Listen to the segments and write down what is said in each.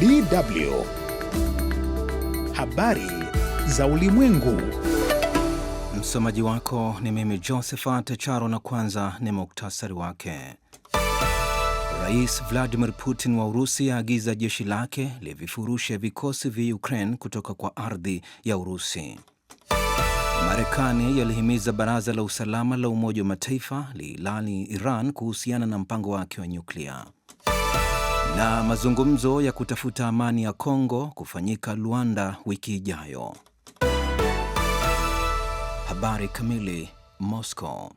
DW. Habari za Ulimwengu. Msomaji wako ni mimi Josephat Charo, na kwanza ni muktasari wake. Rais Vladimir Putin wa Urusi aagiza jeshi lake livifurushe vikosi vya Ukraine kutoka kwa ardhi ya Urusi. Marekani yalihimiza baraza la usalama la Umoja wa Mataifa liilani Iran kuhusiana na mpango wake wa nyuklia na mazungumzo ya kutafuta amani ya Kongo kufanyika Luanda wiki ijayo. Habari kamili. Moscow.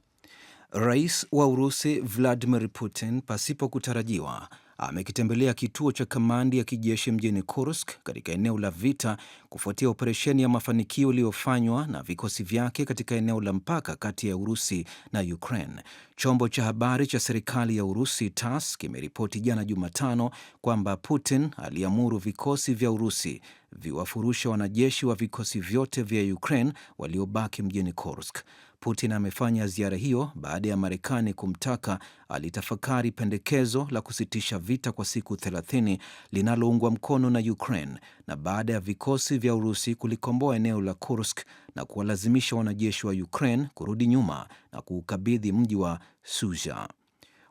Rais wa Urusi Vladimir Putin pasipo kutarajiwa amekitembelea kituo cha kamandi ya kijeshi mjini Kursk katika eneo la vita kufuatia operesheni ya mafanikio iliyofanywa na vikosi vyake katika eneo la mpaka kati ya Urusi na Ukraine. Chombo cha habari cha serikali ya Urusi TASS kimeripoti jana Jumatano kwamba Putin aliamuru vikosi vya Urusi viwafurushe wanajeshi wa vikosi vyote vya Ukraine waliobaki mjini Kursk. Putin amefanya ziara hiyo baada ya Marekani kumtaka alitafakari pendekezo la kusitisha vita kwa siku 30 linaloungwa mkono na Ukraine na baada ya vikosi vya Urusi kulikomboa eneo la Kursk na kuwalazimisha wanajeshi wa Ukraine kurudi nyuma na kuukabidhi mji wa Suja.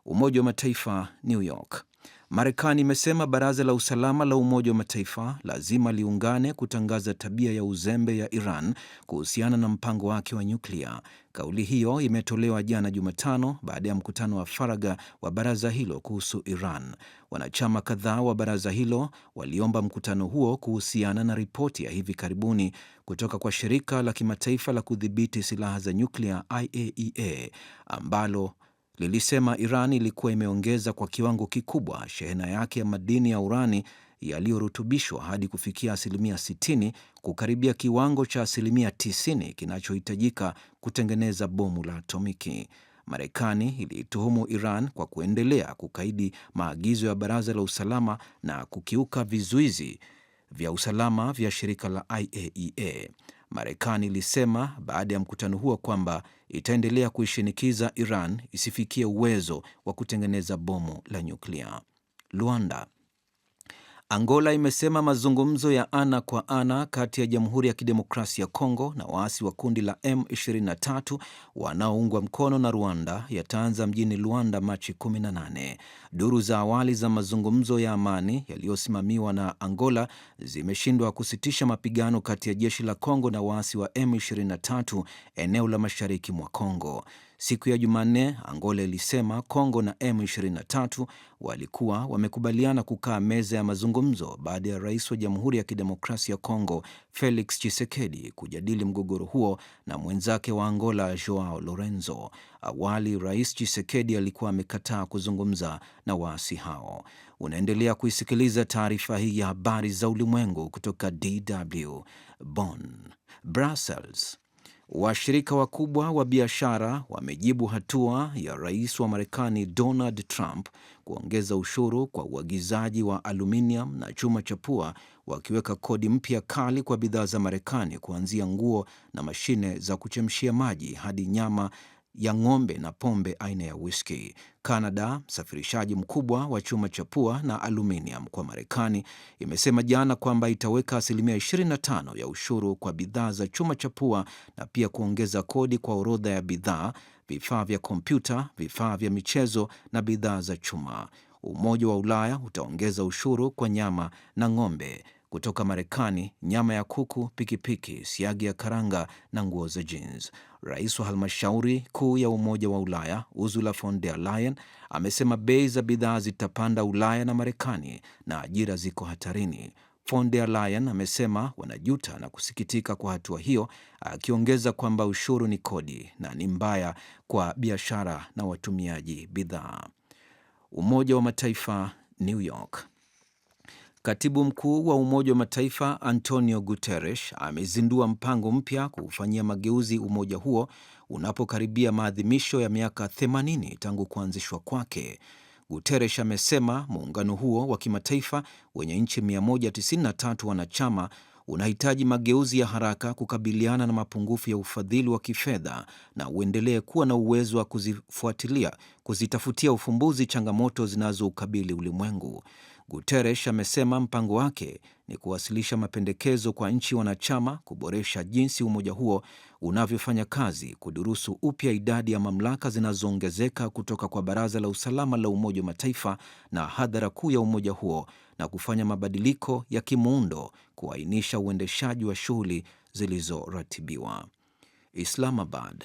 Umoja wa Mataifa, New York. Marekani imesema baraza la usalama la Umoja wa Mataifa lazima liungane kutangaza tabia ya uzembe ya Iran kuhusiana na mpango wake wa nyuklia. Kauli hiyo imetolewa jana Jumatano baada ya mkutano wa faraga wa baraza hilo kuhusu Iran. Wanachama kadhaa wa baraza hilo waliomba mkutano huo kuhusiana na ripoti ya hivi karibuni kutoka kwa shirika la kimataifa la kudhibiti silaha za nyuklia IAEA e ambalo lilisema Iran ilikuwa imeongeza kwa kiwango kikubwa shehena yake ya madini ya urani yaliyorutubishwa hadi kufikia asilimia 60 kukaribia kiwango cha asilimia 90 kinachohitajika kutengeneza bomu la atomiki. Marekani iliituhumu Iran kwa kuendelea kukaidi maagizo ya Baraza la Usalama na kukiuka vizuizi vya usalama vya shirika la IAEA. E Marekani ilisema baada ya mkutano huo kwamba itaendelea kuishinikiza Iran isifikie uwezo wa kutengeneza bomu la nyuklia. Luanda Angola imesema mazungumzo ya ana kwa ana kati ya Jamhuri ya Kidemokrasia ya Kongo na waasi wa kundi la M23 wanaoungwa mkono na Rwanda yataanza mjini Luanda Machi 18. Duru za awali za mazungumzo ya amani yaliyosimamiwa na Angola zimeshindwa kusitisha mapigano kati ya jeshi la Kongo na waasi wa M23 eneo la mashariki mwa Kongo. Siku ya Jumanne, Angola ilisema Kongo na M23 walikuwa wamekubaliana kukaa meza ya mazungumzo baada ya rais wa Jamhuri ya Kidemokrasia ya Kongo Felix Tshisekedi kujadili mgogoro huo na mwenzake wa Angola Joao Lorenzo. Awali Rais Tshisekedi alikuwa amekataa kuzungumza na waasi hao. Unaendelea kuisikiliza taarifa hii ya habari za ulimwengu kutoka DW Bonn. Brussels Washirika wakubwa wa biashara wamejibu hatua ya rais wa Marekani Donald Trump kuongeza ushuru kwa uagizaji wa aluminium na chuma cha pua, wakiweka kodi mpya kali kwa bidhaa za Marekani, kuanzia nguo na mashine za kuchemshia maji hadi nyama ya ng'ombe na pombe aina ya whisky. Canada, msafirishaji mkubwa wa chuma cha pua na aluminium kwa Marekani, imesema jana kwamba itaweka asilimia 25 ya ushuru kwa bidhaa za chuma cha pua na pia kuongeza kodi kwa orodha ya bidhaa, vifaa vya kompyuta, vifaa vya michezo na bidhaa za chuma. Umoja wa Ulaya utaongeza ushuru kwa nyama na ng'ombe kutoka Marekani, nyama ya kuku, pikipiki, siagi ya karanga na nguo za jeans. Rais wa halmashauri kuu ya Umoja wa Ulaya Ursula von der Leyen amesema bei za bidhaa zitapanda Ulaya na Marekani na ajira ziko hatarini. Von der Leyen amesema wanajuta na kusikitika kwa hatua hiyo, akiongeza kwamba ushuru ni kodi na ni mbaya kwa biashara na watumiaji bidhaa. Umoja wa Mataifa, New York. Katibu mkuu wa Umoja wa Mataifa Antonio Guterres amezindua mpango mpya kuufanyia mageuzi umoja huo unapokaribia maadhimisho ya miaka 80 tangu kuanzishwa kwake. Guterres amesema muungano huo wa kimataifa wenye nchi 193 wanachama unahitaji mageuzi ya haraka kukabiliana na mapungufu ya ufadhili wa kifedha na uendelee kuwa na uwezo wa kuzifuatilia, kuzitafutia ufumbuzi changamoto zinazoukabili ulimwengu. Guterres amesema mpango wake ni kuwasilisha mapendekezo kwa nchi wanachama kuboresha jinsi umoja huo unavyofanya kazi, kudurusu upya idadi ya mamlaka zinazoongezeka kutoka kwa Baraza la Usalama la Umoja wa Mataifa na hadhara kuu ya umoja huo, na kufanya mabadiliko ya kimuundo kuainisha uendeshaji wa shughuli zilizoratibiwa. Islamabad.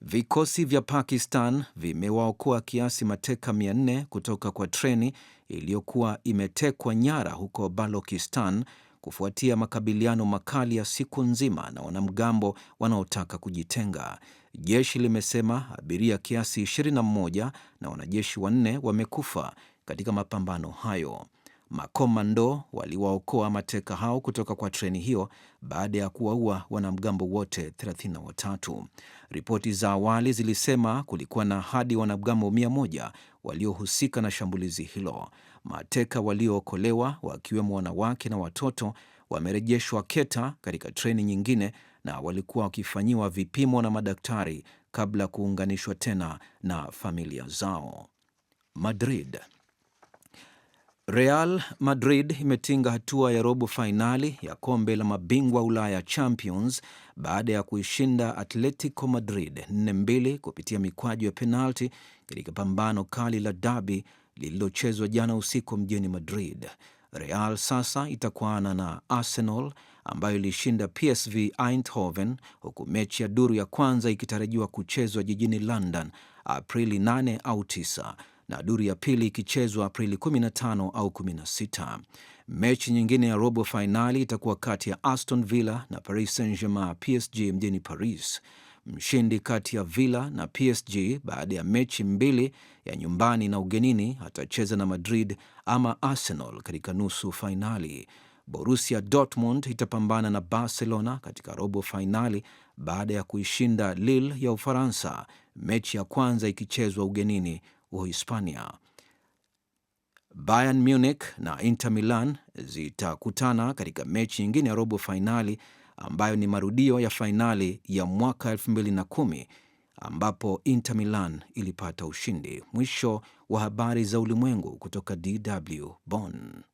Vikosi vya Pakistan vimewaokoa kiasi mateka 400 kutoka kwa treni iliyokuwa imetekwa nyara huko Balochistan kufuatia makabiliano makali ya siku nzima na wanamgambo wanaotaka kujitenga. Jeshi limesema abiria kiasi 21 na wanajeshi wanne wamekufa katika mapambano hayo makomando waliwaokoa mateka hao kutoka kwa treni hiyo baada ya kuwaua wanamgambo wote 33. Ripoti za awali zilisema kulikuwa na hadi wanamgambo 100 waliohusika na shambulizi hilo. Mateka waliookolewa wakiwemo wanawake na watoto wamerejeshwa Keta katika treni nyingine na walikuwa wakifanyiwa vipimo na madaktari kabla ya kuunganishwa tena na familia zao. Madrid Real Madrid imetinga hatua ya robo fainali ya kombe la mabingwa Ulaya Champions baada ya kuishinda Atletico Madrid 4-2 kupitia mikwaju ya penalti katika pambano kali la dabi lililochezwa jana usiku mjini Madrid. Real sasa itakwana na Arsenal ambayo ilishinda PSV Eindhoven, huku mechi ya duru ya kwanza ikitarajiwa kuchezwa jijini London Aprili 8 au 9 na duru ya pili ikichezwa Aprili 15 au 16. Mechi nyingine ya robo fainali itakuwa kati ya Aston Villa na Paris Saint-Germain PSG mjini Paris. Mshindi kati ya Villa na PSG baada ya mechi mbili ya nyumbani na ugenini atacheza na Madrid ama Arsenal katika nusu fainali. Borussia Dortmund itapambana na Barcelona katika robo fainali baada ya kuishinda Lille ya Ufaransa, mechi ya kwanza ikichezwa ugenini Uhispania. Bayern Munich na Inter Milan zitakutana katika mechi nyingine ya robo fainali ambayo ni marudio ya fainali ya mwaka 2010 ambapo Inter Milan ilipata ushindi. Mwisho wa habari za ulimwengu kutoka DW Bonn.